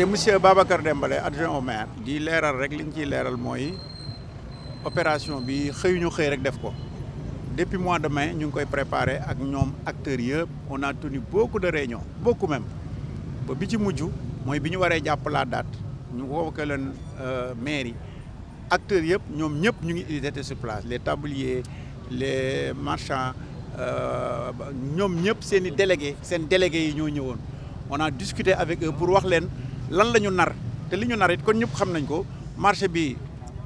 c'est monsieur Babacar Dembélé adjoint au maire di leral rek li ñu leral moy opération bi xëyuñu xey rek def ko depuis mois de mai ñu ngi koy préparé ak ñom acteurs yëpp on a tenu beaucoup de réunions beaucoup même ba bi ci muju moy biñu waré japp la date ñu convoqué euh maire yi acteurs yëpp ñom ñëpp ñu ngi été sur place les tabliers les marchands euh, ñom ñëpp seen i délégués seen délégués yi ñoo ñëwoon on a discuté avec eux pour wax len lan la ñu nar te li ñu nar kon ñëpp xam nañ ko marché bi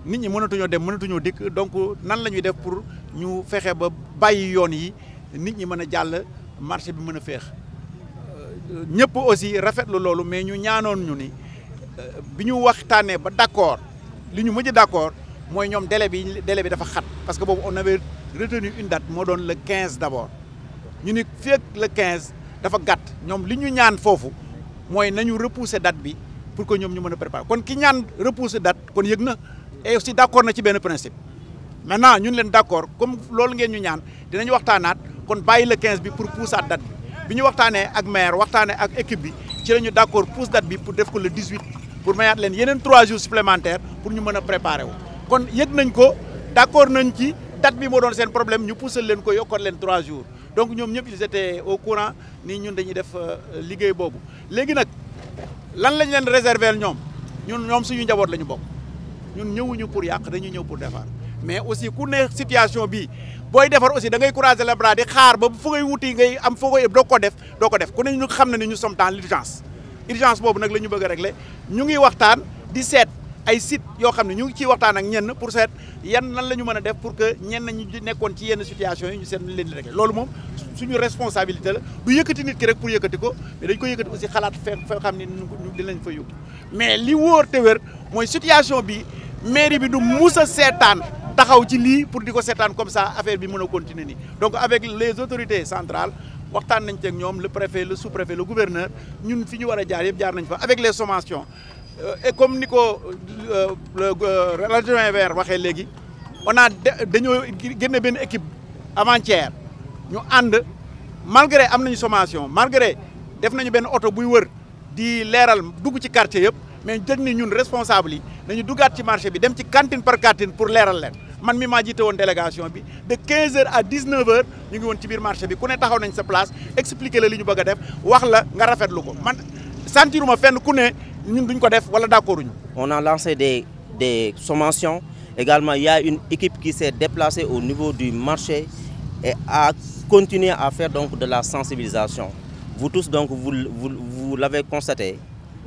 nit ñi mënatuñoo dem mënatuñoo dikk donc nan la ñuy def pour ñu fexe ba bàyyi yoon yi nit ñi mën a jàll marché bi mën a féex ñëpp aussi rafetlu loolu mais ñu ñaanoon ñu ni bi ñu waxtaanee ba d'accord li ñu mujj d'accord mooy ñoom délai bi délai bi dafa xat parce que boobu on avait retenu une date moo doon le 15 d'abord ñu ni fekk le 15 dafa gàtt ñoom li ñu ñaan foofu moy nañu repousser date bi pour que ñom ñu mëna préparer kon ki ñaan repousser date kon yegna et aussi d'accord na ci ben principe maintenant ñun leen d'accord comme loolu ngeen ñu ñaan dinañ waxtaanaat kon bàyyi le 15 bi pour poussaat date bi bi ñu waxtaanee ak maire waxtaanee ak équipe bi ci lañu d'accord pousse date bi pour def ko le 18 pour mayat len yenen 3 jours supplémentaires pour ñu mëna préparer wu kon yëg nañ ko d'accord nañ ci date bi mo doon seen problème ñu poussal len ko yokkoon len 3 jours donc ñoom ñëpp ils étaient au courant nii ñun dañuy def euh, liggéey boobu léegi nag lan lañ leen réserver ñoom ñun ñoom suñu njaboot la ñu bokk ñun ñëwuñu pour yàq dañuy ñëw pour defar mais aussi ku ne situation bi booy defar aussi dangay ngay croiser les bras di xaar ba fu ngay wuti ngay am foo koy doo ko def doo ko def ku ne ñu xam ne ni ñu sommes dans l'urgence urgence boobu nag la ñu bëgg a ñu ngi waxtaan di seet. ay site yo xam ñu ngi waxtaan ak ñenn pour set yan nan lañu mëna def pour que ñenn ñu nekkon ci yenn situation yi ñu seen leen di régler loolu moom suñu responsabilité la du yëkëti nit ki rek pour yëkëti ko mais dañ ko yëkëti aussi xalaat fe xamni ñu ne dinañ fa yóbbu mais li wóor te wér situation bi mairie bi du moussa sétane taxaw ci li pour diko sétane comme ça affaire bi mëna continuer ni donc avec les autorités centrales waxtaan nañ ci ak ñom le préfet le sous-préfet le gouverneur ñun fi ñu wara jaar yëpp jaar nañ fa avec les sommations euh, et comme Nico euh, le l'adjoint euh, vert waxé légui on a dañu génne ben équipe avant-hier ñu and malgré amnañu sommation malgré def nañu ben auto buy wër di léral dugg ci quartier yëpp mais jëg ni ñun responsable yi nañu duggaat ci marché bi dem ci cantine par cantine pour léral leen man mi ma jité won délégation bi de 15 h à 19 h ñu ngi won ci biir marché bi ku ne taxaw nañ sa place expliquer la li ñu bëgg def wax la nga rafetlu ko man sentiruma fenn ku ne on a lancé des sommations également il y a une équipe qui s'est déplacée au niveau du marché et a continué à faire donc de la sensibilisation vous tous donc vous vous, l'avez constaté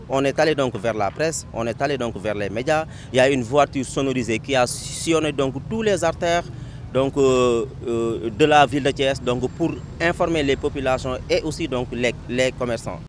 on est allé donc vers la presse, on est allé donc vers les médias. Il y a une voiture sonorisée qui a sillonné donc tous les artères donc, euh, euh, de la ville de Thiès donc, pour informer les populations et aussi donc, les, les commerçants.